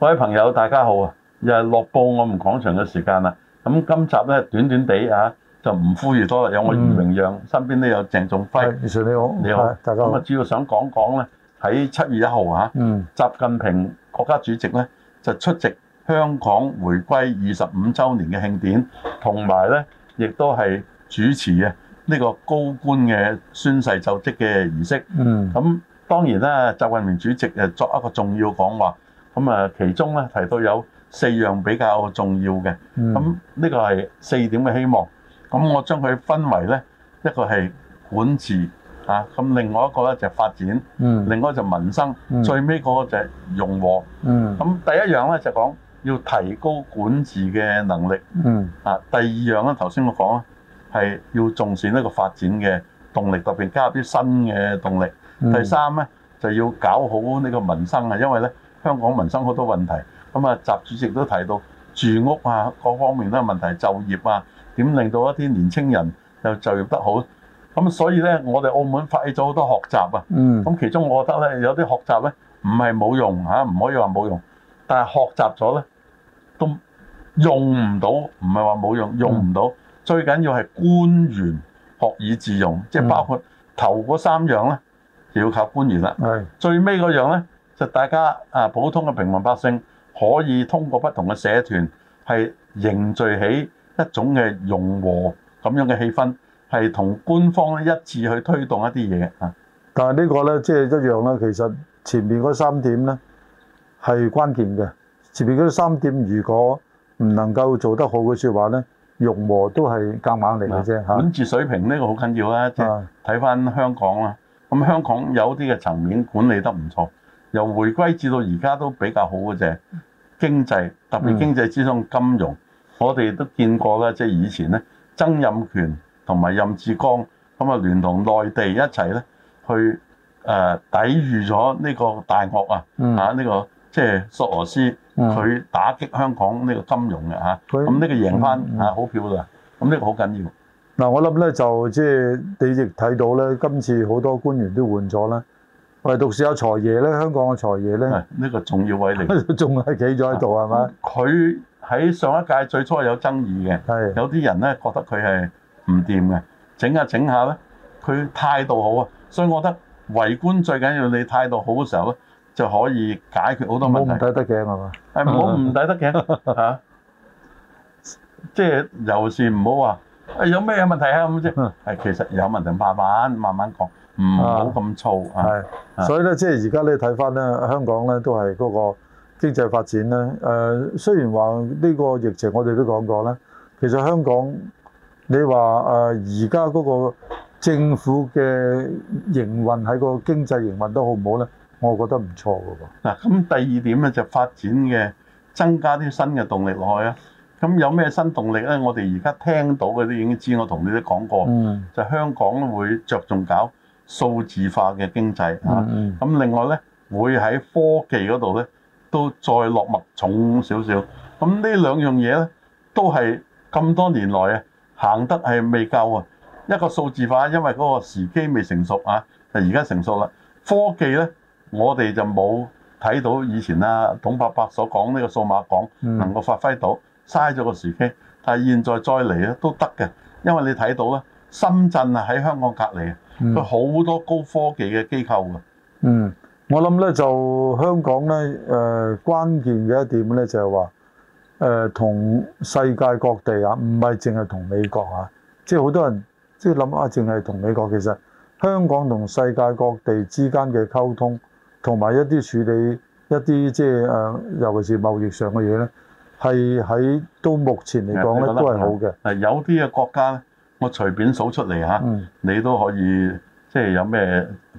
各位朋友，大家好啊！又係樂報我哋講場嘅時間啦。咁今集咧，短短地啊，就唔呼衍多啦。有我余榮讓，嗯、身邊都有鄭仲輝。你好，你好。咁啊的，我主要想講講咧，喺七月一號嚇，啊嗯、習近平國家主席咧就出席香港回歸二十五週年嘅慶典，同埋咧亦都係主持嘅呢個高官嘅宣誓就職嘅儀式。嗯。咁當然啦，習近平主席誒作一個重要講話。咁啊，其中咧提到有四樣比較重要嘅，咁呢、嗯、個係四點嘅希望。咁我將佢分為咧一個係管治嚇，咁、啊、另外一個咧就是、發展，嗯、另外就民生，嗯、最尾嗰個就係融合。咁、嗯、第一樣咧就講、是、要提高管治嘅能力，嗯、啊，第二樣咧頭先我講啊，係要重視呢個發展嘅動力，特別加入啲新嘅動力。嗯、第三咧就要搞好呢個民生啊，因為咧。香港民生好多問題，咁啊習主席都提到住屋啊各方面都有問題，就業啊點令到一啲年輕人又就，就業得好？咁所以咧，我哋澳門發起咗好多學習啊。嗯。咁其中我覺得咧，有啲學習咧唔係冇用嚇，唔可以話冇用。但係學習咗咧都用唔到，唔係話冇用，用唔到。嗯、最緊要係官員學以致用，嗯、即係包括頭嗰三樣咧，就要靠官員啦。係是。最尾嗰樣咧。就大家啊，普通嘅平民百姓，可以通過不同嘅社團，係凝聚起一種嘅融和咁樣嘅氣氛，係同官方咧一致去推動一啲嘢啊。但係呢個咧，即係一樣啦。其實前面嗰三點咧係關鍵嘅。前面嗰三點如果唔能夠做得好嘅說話咧，融和都係夾硬嚟嘅啫。管治水平呢個好緊要啊！的即係睇返香港啦。咁香港有啲嘅層面管理得唔錯。由回歸至到而家都比較好嘅，就係經濟，特別經濟之中金融，嗯、我哋都見過啦。即、就、係、是、以前咧，曾蔭權同埋任志剛咁啊，聯同內地一齊咧，去誒抵禦咗呢個大鱷、嗯、啊！嚇、這、呢個即係索羅斯佢、嗯、打擊香港呢個金融嘅嚇，咁、啊、呢、嗯、個贏翻嚇、嗯啊、好漂亮，咁呢個好緊要。嗱、嗯，我諗咧就即係、就是、你亦睇到咧，今次好多官員都換咗啦。我哋讀書有財爺咧，香港嘅財爺咧，呢、哎這個重要位嚟，仲係企咗喺度係嘛？佢喺、啊、吧上一屆最初係有爭議嘅，的有啲人咧覺得佢係唔掂嘅，整下整下咧，佢態度好啊，所以我覺得圍觀最緊要你態度好嘅時候咧，就可以解決好多問題。唔抵得嘅係嘛，係唔好唔抵得嘅嚇，即係有事唔好話，係、哎、有咩問題啊咁啫。係其實有問題，慢慢慢慢講。唔好咁燥，係，所以咧，即係而家你睇翻咧，香港咧都係嗰個經濟發展咧。誒、呃，雖然話呢個疫情，我哋都講過啦。其實香港，你話誒而家嗰個政府嘅營運喺個經濟營運都好唔好咧？我覺得唔錯㗎喎。嗱，咁第二點咧就發展嘅增加啲新嘅動力落去啊。咁有咩新動力咧？我哋而家聽到嘅都已經知，我同你都講過，嗯、就香港會着重搞。數字化嘅經濟，嗯嗯啊，咁另外呢，會喺科技嗰度呢，都再落墨重少少。咁呢兩樣嘢呢，都係咁多年來啊行得係未夠啊。一個數字化，因為嗰個時機未成熟啊，就而家成熟啦。科技呢，我哋就冇睇到以前啊董伯伯所講呢個數碼港能夠發揮到，嘥咗個時機，但係現在再嚟呢，都得嘅，因為你睇到呢，深圳啊喺香港隔離。好多高科技嘅機構㗎。嗯，我諗咧就香港咧，誒、呃、關鍵嘅一點咧就係、是、話，誒、呃、同世界各地啊，唔係淨係同美國啊，即係好多人即係諗啊，淨係同美國。其實香港同世界各地之間嘅溝通，同埋一啲處理一啲即係誒，尤其是貿易上嘅嘢咧，係喺到目前嚟講咧、嗯、都係好嘅。嗱、嗯嗯，有啲嘅國家咧。我隨便數出嚟嚇，嗯、你都可以即係有咩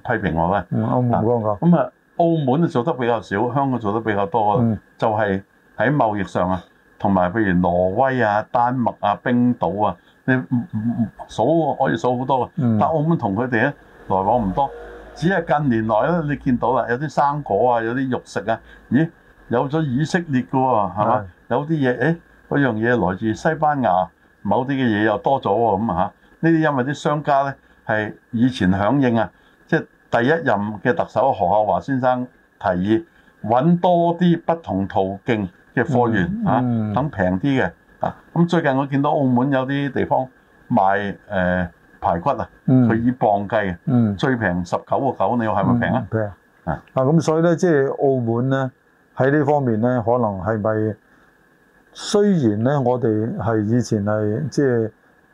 批評我咧、嗯？澳門嗰咁啊，澳門做得比較少，香港做得比較多。嗯、就係喺貿易上啊，同埋譬如挪威啊、丹麥啊、冰島啊，你、嗯嗯、數可以數好多嘅。嗯、但澳門同佢哋咧來往唔多，只係近年來咧，你見到啦，有啲生果啊，有啲肉食啊，咦，有咗以色列嘅喎、啊，係嘛？是有啲嘢誒，嗰樣嘢來自西班牙。某啲嘅嘢又多咗喎，咁啊呢啲因為啲商家咧係以前響應啊，即係第一任嘅特首何孝華先生提議，揾多啲不同途徑嘅貨源、嗯嗯、啊，等平啲嘅啊。咁、嗯嗯、最近我見到澳門有啲地方賣誒、呃、排骨啊，佢以磅計嘅，最平十九個九，你話係咪平啊？平啊！啊咁所以咧，即係澳門咧喺呢方面咧，可能係咪？雖然咧，我哋係以前係即係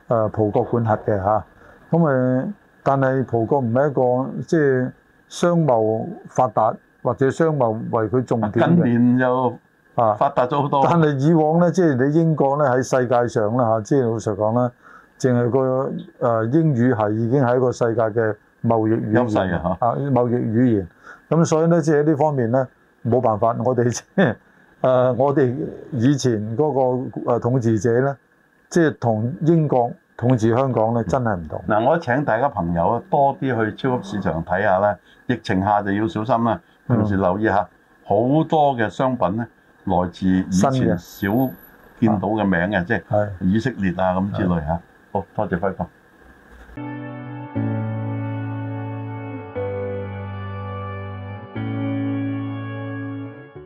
誒葡國管轄嘅嚇，咁誒，但係葡國唔係一個即係商貿發達或者商貿為佢重點嘅。近年又啊發達咗好多、啊。但係以往咧，即係你英國咧喺世界上啦嚇，即係老實講啦，淨係個誒英語係已經係一個世界嘅貿易語言優勢嘅嚇啊貿易語言。咁、啊、所以咧，即係呢方面咧冇辦法，我哋即係。誒、呃，我哋以前嗰個誒統治者咧，即係同英國統治香港咧，真係唔同。嗱、嗯，我請大家朋友啊，多啲去超級市場睇下啦。嗯、疫情下就要小心啦，同時留意下好多嘅商品咧，來自以前少見到嘅名嘅，的啊、即係以色列啊咁的之類嚇。的好多謝輝哥。